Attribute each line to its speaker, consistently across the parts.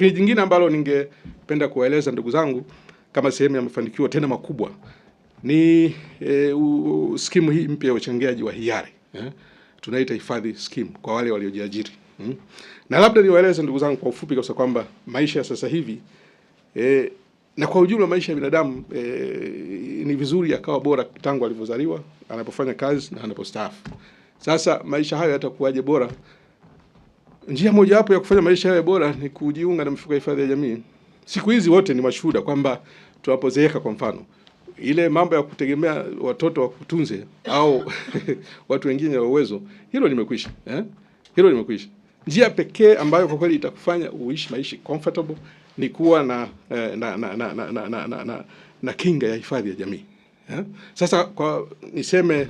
Speaker 1: Lakini jingine ambalo ningependa kuwaeleza ndugu zangu kama sehemu ya mafanikio tena makubwa ni e, skimu hii mpya ya uchangiaji wa hiari eh? Tunaita hifadhi skimu kwa wale waliojiajiri hmm? Na labda niwaeleze ndugu zangu kwa ufupi kabisa kwamba maisha ya sasa hivi e, na kwa ujumla maisha ya binadamu e, ni vizuri yakawa bora tangu alivyozaliwa, anapofanya kazi na anapostaafu. Sasa maisha hayo yatakuwaje bora Njia moja hapo ya kufanya maisha yawe bora ni kujiunga na mifuko ya hifadhi ya jamii. Siku hizi wote ni mashuhuda kwamba tunapozeeka, kwa mfano, ile mambo ya kutegemea watoto wakutunze au watu wengine wa uwezo, hilo limekwisha eh? Hilo limekwisha. Njia pekee ambayo kwa kweli itakufanya uishi maisha comfortable ni kuwa na, eh, na, na, na, na, na, na, na, na, na kinga ya hifadhi ya jamii eh? Sasa kwa niseme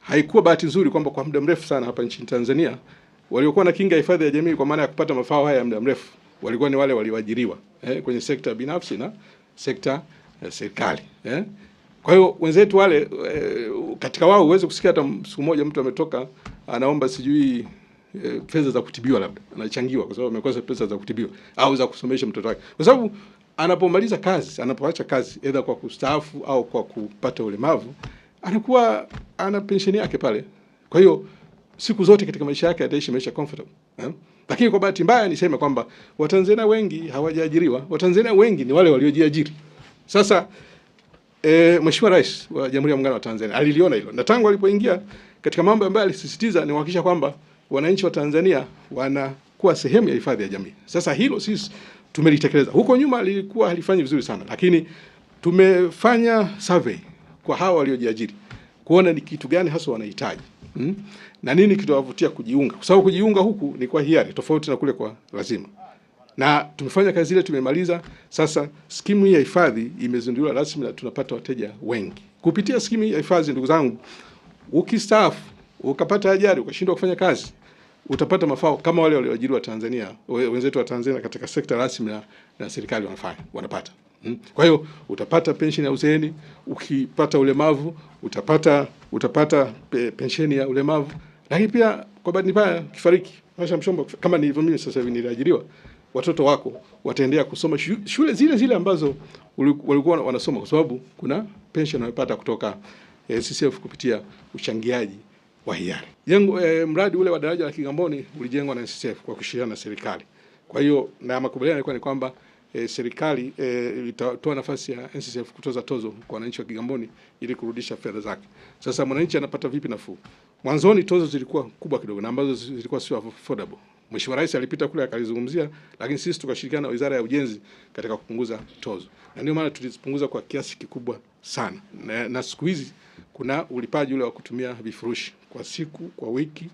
Speaker 1: haikuwa bahati nzuri kwamba kwa muda mrefu sana hapa nchini Tanzania Waliokuwa na kinga ya hifadhi ya jamii kwa maana ya kupata mafao haya ya muda mrefu walikuwa ni wale walioajiriwa eh, kwenye sekta binafsi na sekta ya eh, serikali eh. Kwa hiyo wenzetu wale eh, katika wao huwezi kusikia hata siku moja mtu ametoka anaomba sijui eh, fedha za kutibiwa, labda anachangiwa kwa sababu amekosa pesa za kutibiwa au za kusomesha mtoto wake, kwa sababu anapomaliza kazi, anapoacha kazi, aidha kwa kustaafu au kwa kupata ulemavu, anakuwa ana pensheni yake pale, kwa hiyo siku zote katika maisha yake ataishi maisha comfortable eh? Lakini kwa bahati mbaya niseme kwamba Watanzania wengi hawajaajiriwa. Watanzania wengi ni wale waliojiajiri. Sasa e, Mheshimiwa Rais wa Jamhuri ya Muungano wa Tanzania aliliona hilo na tangu alipoingia katika mambo ambayo alisisitiza ni kuhakikisha kwamba wananchi wa Tanzania wanakuwa sehemu ya hifadhi ya jamii. Sasa hilo sisi tumelitekeleza. Huko nyuma lilikuwa halifanyi vizuri sana, lakini tumefanya survey kwa hawa waliojiajiri kuona ni kitu gani hasa wanahitaji mm? na nini kitawavutia kujiunga, kwa sababu kujiunga huku ni kwa hiari, tofauti na kule kwa lazima. Na tumefanya kazi ile, tumemaliza. Sasa skimu hii ya hifadhi imezinduliwa rasmi na tunapata wateja wengi kupitia skimu hii ya hifadhi. Ndugu zangu, ukistaafu ukapata ajali ukashindwa kufanya kazi utapata mafao kama wale walioajiriwa Tanzania wenzetu wa Tanzania katika sekta rasmi na, na serikali wanafanya wanapata Hmm? Kwa hiyo utapata pensheni ya uzeeni, ukipata ulemavu utapata utapata pensheni ya ulemavu, lakini pia kwa bahati mbaya kifariki Asha Mshombo, kama nilivyo mimi sasa hivi niliajiriwa, watoto wako wataendelea kusoma shule zile zile ambazo walikuwa wanasoma, kwa sababu kuna pensheni wamepata kutoka eh, CCF kupitia uchangiaji wa hiari. Jengo eh, mradi ule wa daraja la Kigamboni ulijengwa na CCF kwa kushirikiana na serikali. Kwa hiyo na makubaliano yalikuwa ni kwamba e, serikali e, itatoa nafasi ya NSSF kutoza tozo kwa wananchi wa Kigamboni ili kurudisha fedha zake. Sasa mwananchi anapata vipi nafuu? Mwanzoni tozo zilikuwa kubwa kidogo na ambazo zilikuwa sio affordable. Mheshimiwa Rais alipita kule akalizungumzia, lakini sisi tukashirikiana na Wizara ya Ujenzi katika kupunguza tozo, na ndio maana tulizipunguza kwa kiasi kikubwa sana, na, na siku hizi kuna ulipaji ule wa kutumia vifurushi kwa siku, kwa wiki.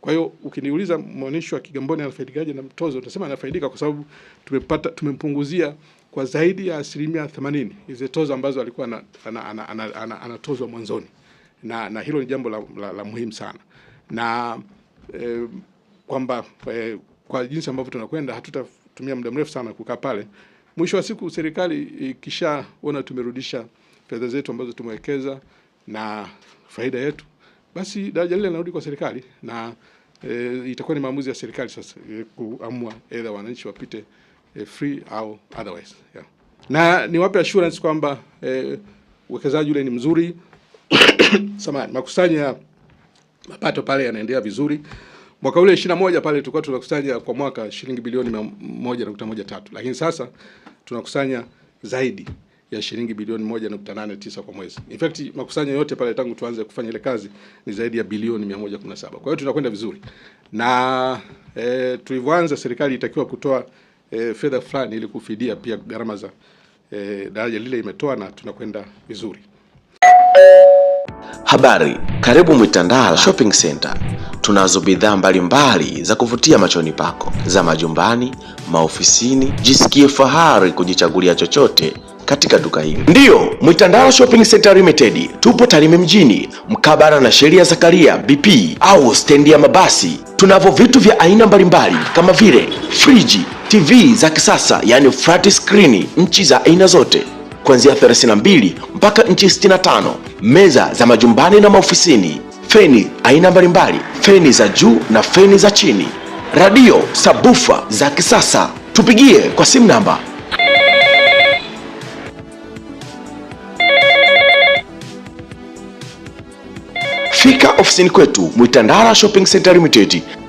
Speaker 1: Kwa hiyo ukiniuliza mwanisho wa Kigamboni anafaidikaje na mtozo, utasema anafaidika kwa sababu tumepata tumempunguzia kwa zaidi ya asilimia themanini hizo tozo ambazo alikuwa anatozwa ana, ana, ana, ana, ana, ana mwanzoni, na, na hilo ni jambo la, la, la muhimu sana na eh, kwamba eh, kwa jinsi ambavyo tunakwenda hatutatumia muda mrefu sana kukaa pale. Mwisho wa siku serikali ikishaona tumerudisha fedha zetu ambazo tumewekeza na faida yetu, basi daraja lile linarudi kwa serikali na e, itakuwa ni maamuzi ya serikali sasa e, kuamua edha wananchi wapite e, free au otherwise yeah. Na niwape assurance kwamba e, uwekezaji ule ni mzuri samani, makusanyo ya mapato pale yanaendelea vizuri. Mwaka ule 21 pale tulikuwa tunakusanya kwa mwaka shilingi bilioni 1.13, lakini sasa tunakusanya zaidi ya shilingi bilioni 1.89 kwa mwezi. In fact, makusanyo yote pale tangu tuanze kufanya ile kazi ni zaidi ya bilioni 117. Kwa hiyo tunakwenda vizuri. Na e, tulivyoanza serikali itakiwa kutoa e, fedha fulani ili kufidia pia gharama za e, daraja lile imetoa na tunakwenda vizuri. Habari, karibu Mwitandala Shopping Center tunazo bidhaa mbalimbali za kuvutia machoni pako za majumbani, maofisini. Jisikie fahari kujichagulia chochote katika duka hili. Ndiyo, Mwitandao Shopping Center Limited tupo Tarime mjini mkabara na sheria Zakaria BP au stendi ya mabasi. Tunavyo vitu vya aina mbalimbali kama vile friji, TV za kisasa yani flat screen, nchi za aina zote kuanzia 32 mpaka nchi 65, meza za majumbani na maofisini, feni aina mbalimbali feni za juu na feni za chini, radio, sabufa za kisasa. Tupigie kwa simu namba Fika ofisini kwetu Mwitandara Shopping Center Limited